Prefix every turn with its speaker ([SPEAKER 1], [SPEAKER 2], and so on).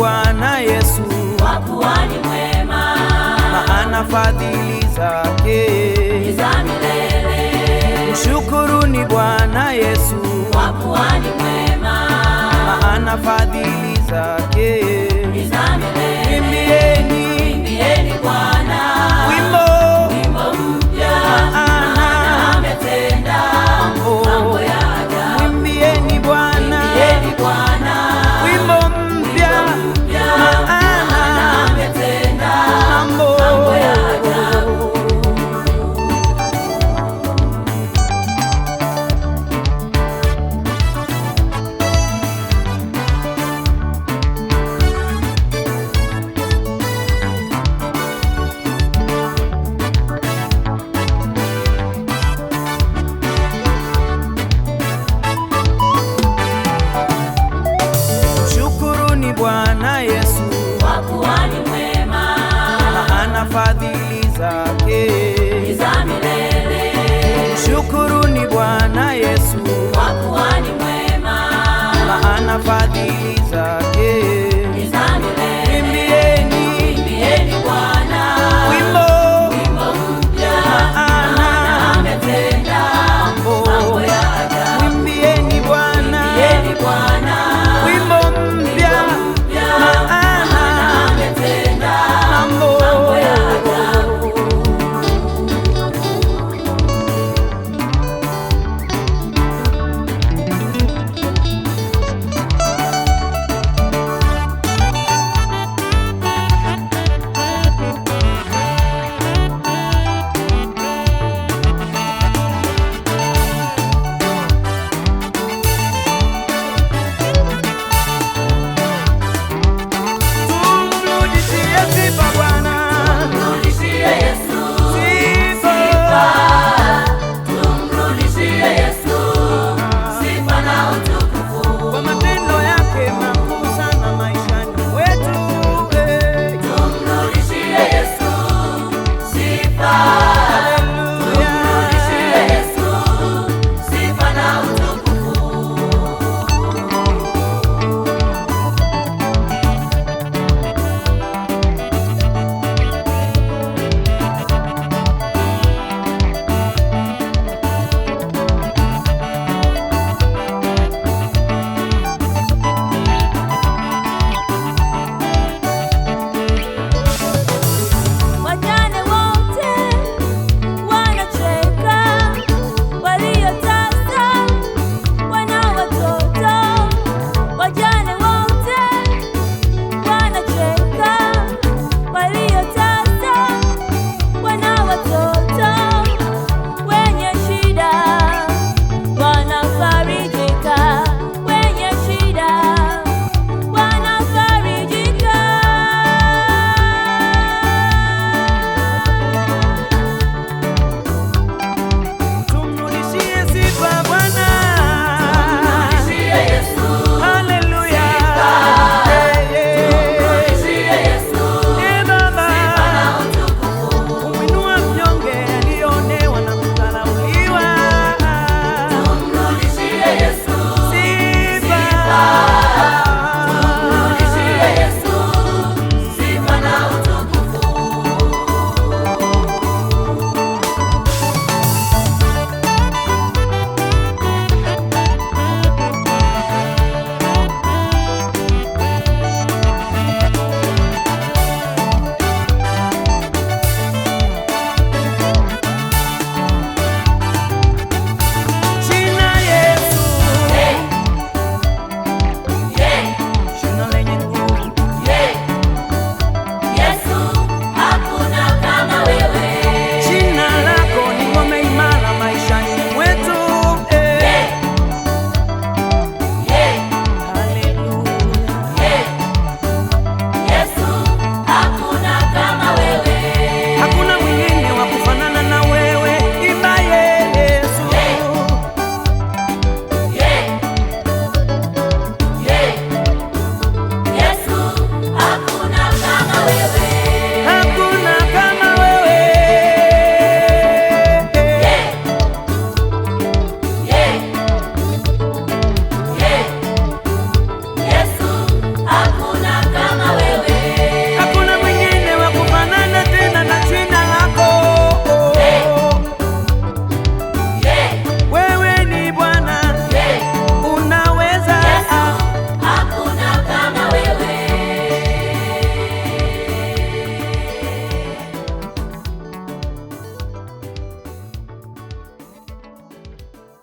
[SPEAKER 1] Bwana Yesu,
[SPEAKER 2] kwa kuwa ni mwema,
[SPEAKER 1] maana fadhili zake
[SPEAKER 2] ni za milele.
[SPEAKER 1] Mshukuruni Bwana Yesu,
[SPEAKER 2] kwa kuwa ni mwema,
[SPEAKER 1] maana fadhili zake fadhili zake
[SPEAKER 2] ni za milele.
[SPEAKER 1] Bwana Yesu
[SPEAKER 2] kwa kuwa ni mwema,
[SPEAKER 1] maana fadhili zake